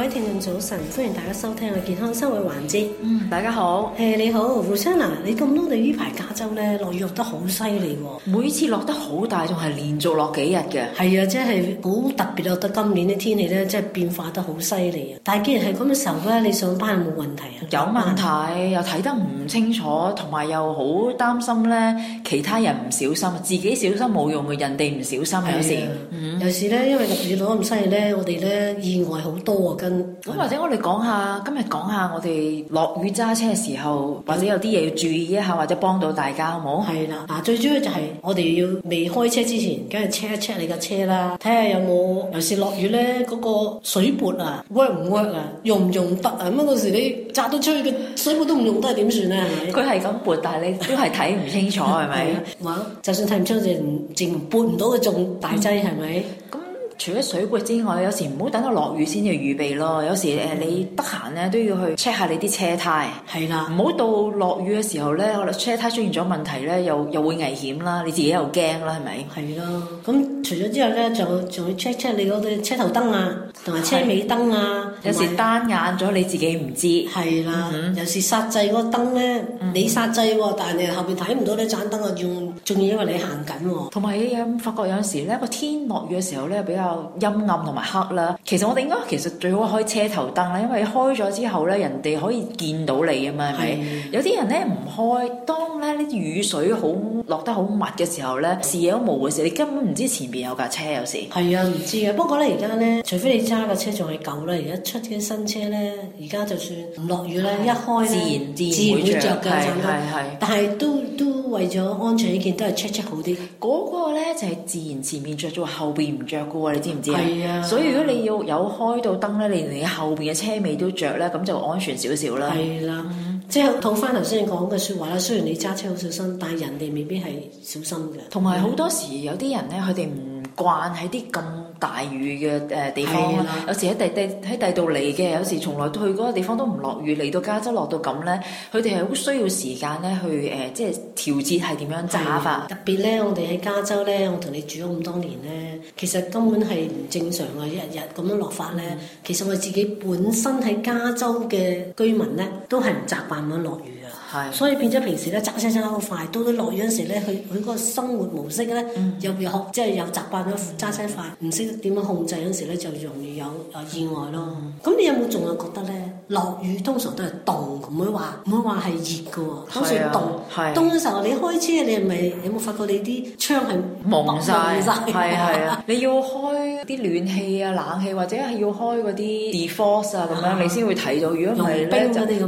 各位聽眾早晨，歡迎大家收聽我嘅健康生活環節。嗯，大家好。誒、欸，你好，胡生啊！你咁多對呢排加州咧落雨落得好犀利喎，每次落得好大，仲係連續落幾日嘅。係啊，即係好特別落得今年啲天氣咧，即、就、係、是、變化得好犀利啊！但係既然係咁嘅時候咧，你上班有冇問題啊？有問題，嗯、又睇得唔清楚，同埋又好擔心咧，其他人唔小心，自己小心冇用嘅，人哋唔小心有時，有時咧因為特別落雨落咁犀利咧，我哋咧意外好多啊！咁、嗯、吧或者我哋講下今日講下我哋落雨揸車嘅時候，或者有啲嘢要注意一下，或者幫到大家好冇？係啦、嗱、啊，最主要就係我哋要未開車之前，梗係 check 一 check 你個車啦，睇、嗯、下有冇尤其是落雨咧，嗰、那個水撥啊 work 唔 work 啊，用唔用得啊？咁嗰時你扎到出去嘅水撥都唔用得，點算啊？佢係咁撥，但係你都係睇唔清楚，係咪？哇！就算睇唔出，就唔淨撥唔到佢仲大劑，係咪、嗯？除咗水鬼之外，有時唔好等到落雨先至預備咯。有時誒，你得閒咧都要去 check 下你啲車胎。係啦的，唔好到落雨嘅時候咧，我哋車胎出現咗問題咧，又又會危險啦，你自己又驚啦，係咪？係咯。咁除咗之後咧，就仲要 check check 你嗰對車頭燈啊，同埋車尾燈啊。的有時有單眼咗你自己唔知。係啦的。嗯、哼有時煞掣嗰個燈咧，你煞掣喎，但係你後邊睇唔到呢盞燈啊，仲仲要因為你行緊喎。同埋你有、嗯、發覺有時咧，個天落雨嘅時候咧，比較，陰暗同埋黑啦，其實我哋應該其實最好開車頭燈啦，因為開咗之後咧，人哋可以見到你啊嘛，係咪的？有啲人咧唔開，當咧啲雨水好落得好密嘅時候咧，視野都冇嘅時，你根本唔知前邊有架車有時。係啊，唔知嘅。不過咧而家咧，除非你揸架車仲係舊啦，而家出啲新車咧，而家就算唔落雨咧，的一開自然自然着嘅，係。係但係都都為咗安全呢件，都係 check check 好啲。嗰個咧就係、是、自然前面着咗，後邊唔着嘅。知唔知啊？所以如果你要有開到燈咧，你連你後邊嘅車尾都着咧，咁就安全少少啦。係啦，啊，即係套翻頭先你講嘅説話啦。雖然你揸車好小心，但係人哋未必係小心嘅。同埋好多時有啲人咧，佢哋唔慣喺啲咁大雨嘅誒地方，的有時喺第第喺第度嚟嘅，有時從來都去嗰個地方都唔落雨，嚟到加州落到咁咧，佢哋係好需要時間咧去誒、呃，即係調節係點樣揸法。特別咧，我哋喺加州咧，我同你住咗咁多年咧，其實根本係唔正常嘅，一日日咁樣落法咧。其實我自己本身喺加州嘅居民咧，都係唔習慣咁樣落雨嘅，的所以變咗平時咧揸聲聲好快，到到落雨嗰時咧，佢佢嗰個生活模式咧又又即係有習慣。揸車快唔識點樣控制有陣時咧，就容易有誒意外咯。咁你有冇仲有覺得咧？落雨通常都係凍，唔會話唔會話係熱噶喎。通常凍，凍嘅時候你開車，你係咪有冇發覺你啲窗係蒙晒？係啊，你要開啲暖氣啊、冷氣，或者係要開嗰啲 defrost 啊咁樣，你先會睇到。如果唔係咧，真係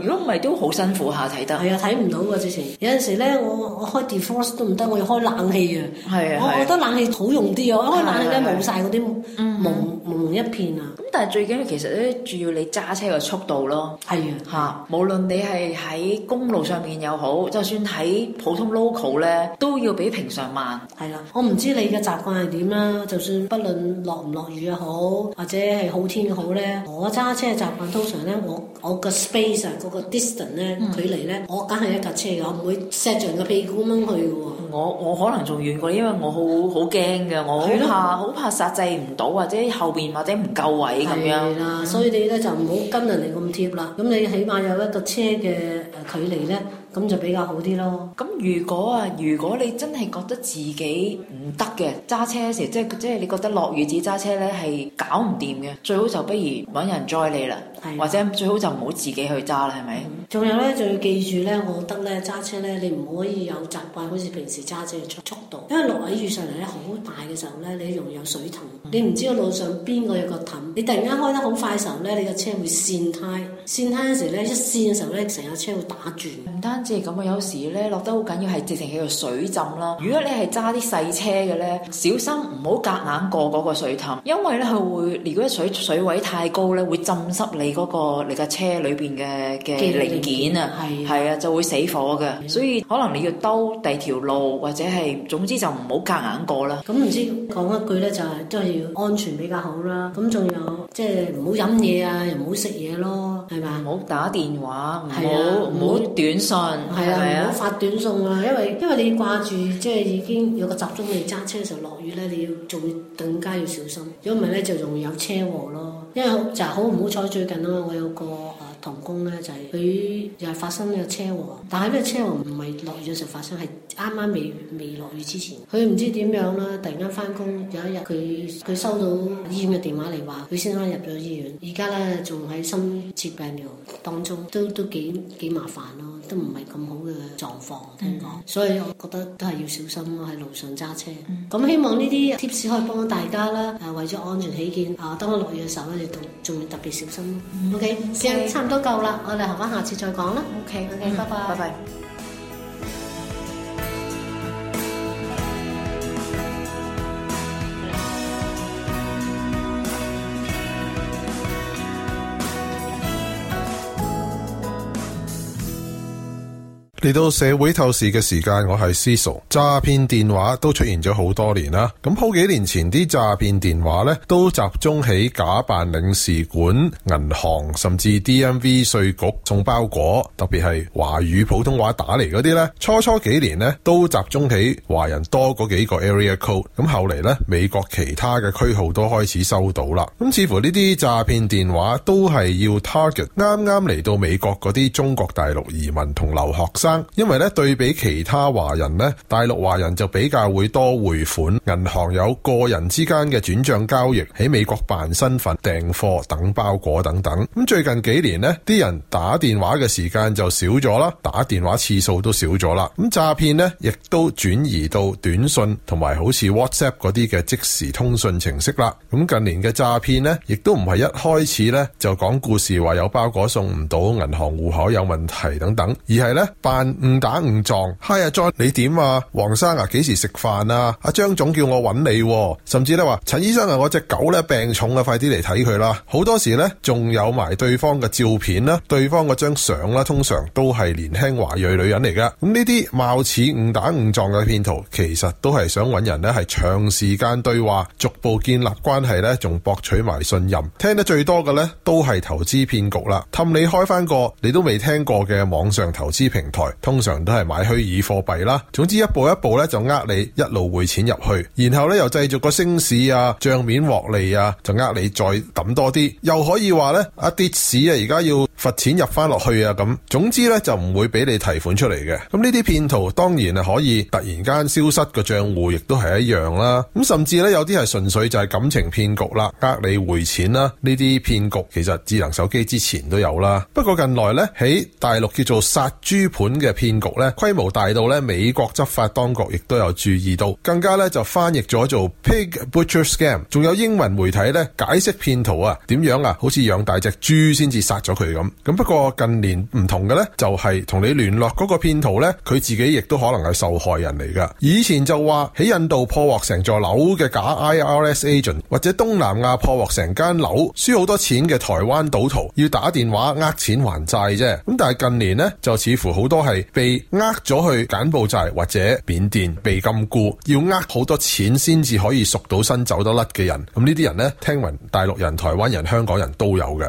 如果唔係都好辛苦下睇得。係啊，睇唔到喎之前。有陣時咧，我我開 defrost 都唔得，我要開冷氣啊。係啊，我覺得冷氣好。用啲啊，開冷氣咧冇晒嗰啲朦朦一片啊。但係最緊要其實咧，主要你揸車嘅速度咯，係啊吓，無論你係喺公路上面又好，嗯、就算喺普通 local 咧，都要比平常慢。係啦，我唔知你嘅習慣係點啦。就算不論落唔落雨又好，或者係好天又好咧，我揸車嘅習慣通常咧，我我個 space 啊，嗰個 distance 咧，距離咧，我梗係、嗯、一架車嘅，我唔會錫盡個屁股掹去嘅。我我可能仲遠過，因為我好好驚嘅，我怕了好怕好怕剎制唔到，或者後邊或者唔夠位。係啦 所以你咧就唔好跟人哋咁貼啦。咁你起碼有一個車嘅誒距離咧，咁就比較好啲咯。咁如果啊，如果你真係覺得自己唔得嘅揸車時，即係即係你覺得落雨自己揸車咧係搞唔掂嘅，最好就不如搵人載你啦。或者最好就唔好自己去揸啦，係咪？仲、嗯、有呢，就要記住呢。我覺得呢，揸車呢，你唔可以有習慣，好似平時揸車嘅速速度，因為落雨雨上嚟呢，好大嘅時候呢，你容易有水凼。嗯、你唔知個路上邊個有個氹，你突然間開得好快嘅時候呢，你個車會跣胎，跣胎嗰時呢，一跣嘅時候呢，成架車會打轉。唔單止係咁啊，有時呢，落得好緊要係直情喺度水浸啦。如果你係揸啲細車嘅呢，小心唔好夾硬過嗰個水氹，因為呢，佢會，如果水水位太高呢，會浸濕你。嗰個你架車裏邊嘅嘅零件啊，係啊，就會死火㗎，啊、所以可能你要兜第二條路，或者係總之就唔好夾硬過啦。咁唔、嗯、知講一句咧，就係都係要安全比較好啦。咁仲有即係唔好飲嘢啊，嗯、又唔好食嘢咯，係嘛？唔好打電話，唔好唔好短信，係啊，唔好、啊啊啊、發短信啊，因為因為你掛住即係已經有個集中地揸車嘅時候落雨咧，你要仲更加要小心，如果唔係咧就容易有車禍咯。因為就係好唔好彩最近。我有個誒同工咧，就係、是、佢又係發生個車禍。但係呢個車禍唔係落雨嘅時候發生，係啱啱未未落雨之前，佢唔知點樣啦，突然間翻工有一日佢佢收到醫院嘅電話嚟話，佢先生入咗醫院，而家咧仲喺深切治療當中，都都幾幾麻煩咯。都唔係咁好嘅狀況，聽講、嗯，所以我覺得都係要小心咯，喺路上揸車。咁、嗯、希望呢啲 tips 可以幫到大家啦，係、嗯啊、為咗安全起見，啊，當我落雨嘅時候咧，你都仲要特別小心咯。OK，時間差唔多夠啦，我哋後晚下次再講啦。OK，OK，拜拜，拜拜。嚟到社會透視嘅時間，我係 Cecil。詐騙電話都出現咗好多年啦。咁好幾年前啲詐騙電話咧，都集中喺假扮領事館、銀行甚至 DMV 稅局送包裹，特別係華語普通話打嚟嗰啲咧。初初幾年咧，都集中喺華人多嗰幾個 area code。咁後嚟咧，美國其他嘅區號都開始收到啦。咁似乎呢啲詐騙電話都係要 target 啱啱嚟到美國嗰啲中國大陸移民同留學生。因為咧對比其他華人咧，大陸華人就比較會多匯款，銀行有個人之間嘅轉賬交易，喺美國辦身份、訂貨、等包裹等等。咁最近幾年咧，啲人打電話嘅時間就少咗啦，打電話次數都少咗啦。咁詐騙咧，亦都轉移到短信同埋好似 WhatsApp 嗰啲嘅即時通訊程式啦。咁近年嘅詐騙咧，亦都唔係一開始咧就講故事話有包裹送唔到，銀行戶口有問題等等，而係咧誤打誤撞，Hi John, 啊，再你點啊？黃生啊，幾時食飯啊？阿張總叫我揾你，啊，甚至咧話陳醫生啊，我隻狗咧病重啦，快啲嚟睇佢啦。好多時呢，仲有埋對方嘅照片啦，對方嗰張相啦，通常都係年輕華裔女人嚟噶。咁呢啲貌似誤打誤撞嘅騙徒，其實都係想揾人呢，係長時間對話，逐步建立關係呢，仲博取埋信任。聽得最多嘅呢，都係投資騙局啦。氹你開翻個你都未聽過嘅網上投資平台。通常都係買虛擬貨幣啦，總之一步一步咧就呃你，一路匯錢入去，然後咧又製造個升市啊，賬面獲利啊，就呃你再抌多啲，又可以話咧啊，跌市啊，而家要。罰錢入翻落去啊，咁，總之咧就唔會俾你提款出嚟嘅。咁呢啲騙徒當然係可以突然間消失個賬戶，亦都係一樣啦。咁甚至咧有啲係純粹就係感情騙局啦，呃你匯錢啦，呢啲騙局其實智能手機之前都有啦。不過近來咧喺大陸叫做殺豬盤嘅騙局咧，規模大到咧美國執法當局亦都有注意到，更加咧就翻譯咗做 Pig Butcher Scam。仲有英文媒體咧解釋騙徒啊點樣啊，好似養大隻豬先至殺咗佢咁。咁不過近年唔同嘅呢，就係同你聯絡嗰個騙徒呢，佢自己亦都可能係受害人嚟噶。以前就話喺印度破獲成座樓嘅假 IRS agent，或者東南亞破獲成間樓輸好多錢嘅台灣賭徒，要打電話呃錢還債啫。咁但係近年呢，就似乎好多係被呃咗去柬埔寨或者緬甸被禁錮，要呃好多錢先至可以贖到身走得甩嘅人。咁呢啲人呢，聽聞大陸人、台灣人、香港人都有嘅。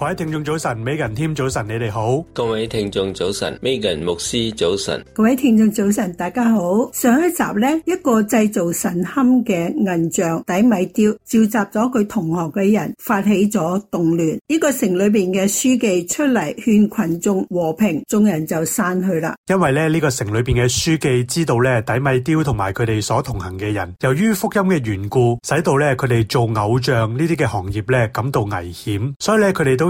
各位聽眾早晨，Megan 添早晨，你哋好。各位聽眾早晨，Megan 牧師早晨。各位聽眾早晨，大家好。上一集咧，一個製造神龕嘅銀像底米雕召集咗佢同學嘅人，發起咗動亂。呢個城裏邊嘅書記出嚟勸群眾和平，眾人就散去啦。因為咧呢個城裏邊嘅書記知道咧底米雕同埋佢哋所同行嘅人，由於福音嘅緣故，使到咧佢哋做偶像呢啲嘅行業咧感到危險，所以咧佢哋都。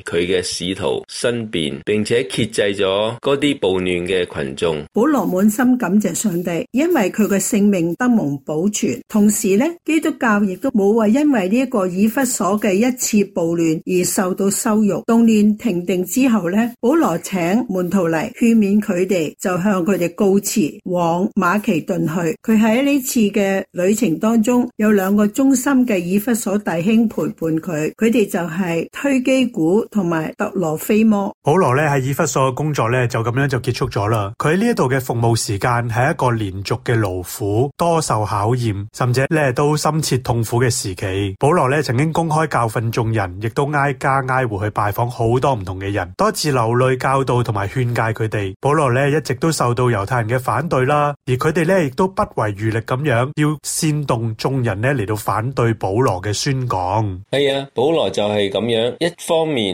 佢嘅使徒申辯，並且遏制咗嗰啲暴亂嘅群眾。保羅滿心感謝上帝，因為佢嘅性命得蒙保存。同時呢，基督教亦都冇話因為呢一個以弗所嘅一次暴亂而受到羞辱。動亂停定之後呢，保羅請門徒嚟，勸勉佢哋，就向佢哋告辭，往馬其頓去。佢喺呢次嘅旅程當中，有兩個忠心嘅以弗所弟兄陪伴佢，佢哋就係推基古。同埋特羅菲摩。保羅咧，喺以弗所嘅工作咧，就咁樣就結束咗啦。佢喺呢一度嘅服務時間係一個連續嘅勞苦、多受考驗，甚至咧，都深切痛苦嘅時期。保羅咧曾經公開教訓眾人，亦都挨家挨戶去拜訪好多唔同嘅人，多次流淚教導同埋勸誡佢哋。保羅咧一直都受到猶太人嘅反對啦，而佢哋咧亦都不遺餘力咁樣要煽動眾人咧，嚟到反對保羅嘅宣講。係啊，保羅就係咁樣，一方面。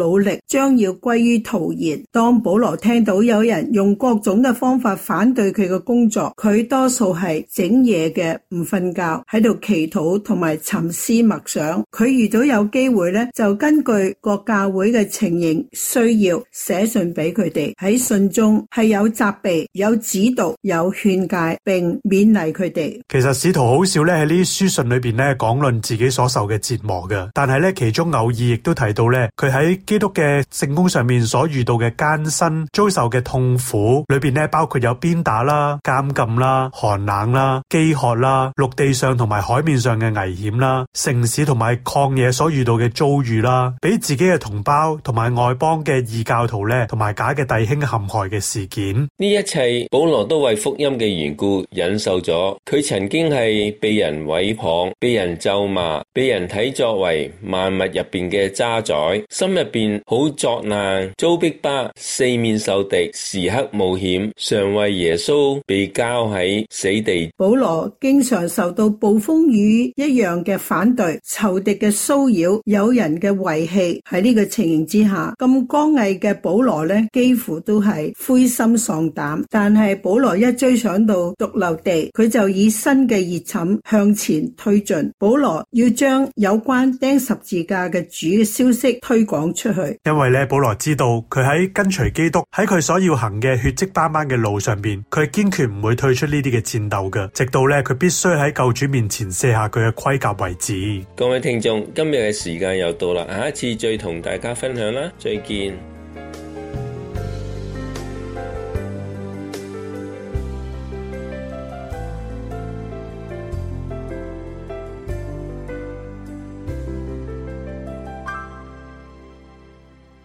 努力將要歸於徒然。當保羅聽到有人用各種嘅方法反對佢嘅工作，佢多數係整夜嘅唔瞓覺，喺度祈禱同埋沉思默想。佢遇到有機會咧，就根據各教會嘅情形需要，寫信俾佢哋。喺信中係有責備、有指導、有勸誡，並勉勵佢哋。其實使徒好少咧喺呢啲書信裏邊咧講論自己所受嘅折磨嘅，但係咧其中偶爾亦都提到咧，佢喺。基督嘅成功上面所遇到嘅艱辛、遭受嘅痛苦，裏邊咧包括有鞭打啦、監禁啦、寒冷啦、飢渴啦、陸地上同埋海面上嘅危險啦、城市同埋曠野所遇到嘅遭遇啦，俾自己嘅同胞同埋外邦嘅異教徒咧同埋假嘅弟兄陷害嘅事件，呢一切保羅都為福音嘅緣故忍受咗。佢曾經係被人毀謗、被人咒罵、被人睇作為萬物入邊嘅渣滓，深入。變好作難，遭逼迫，四面受敵，時刻冒險，常為耶穌被交喺死地。保羅經常受到暴風雨一樣嘅反對、仇敵嘅騷擾、有人嘅遺棄。喺呢個情形之下，咁剛毅嘅保羅咧，幾乎都係灰心喪膽。但係保羅一追想到髑髏地，佢就以新嘅熱忱向前推進。保羅要將有關釘十字架嘅主嘅消息推廣出去，因為咧保羅知道佢喺跟隨基督喺佢所要行嘅血跡斑斑嘅路上邊，佢係堅決唔會退出呢啲嘅戰鬥嘅，直到咧佢必須喺救主面前卸下佢嘅盔甲為止。各位聽眾，今日嘅時間又到啦，下一次再同大家分享啦，再見。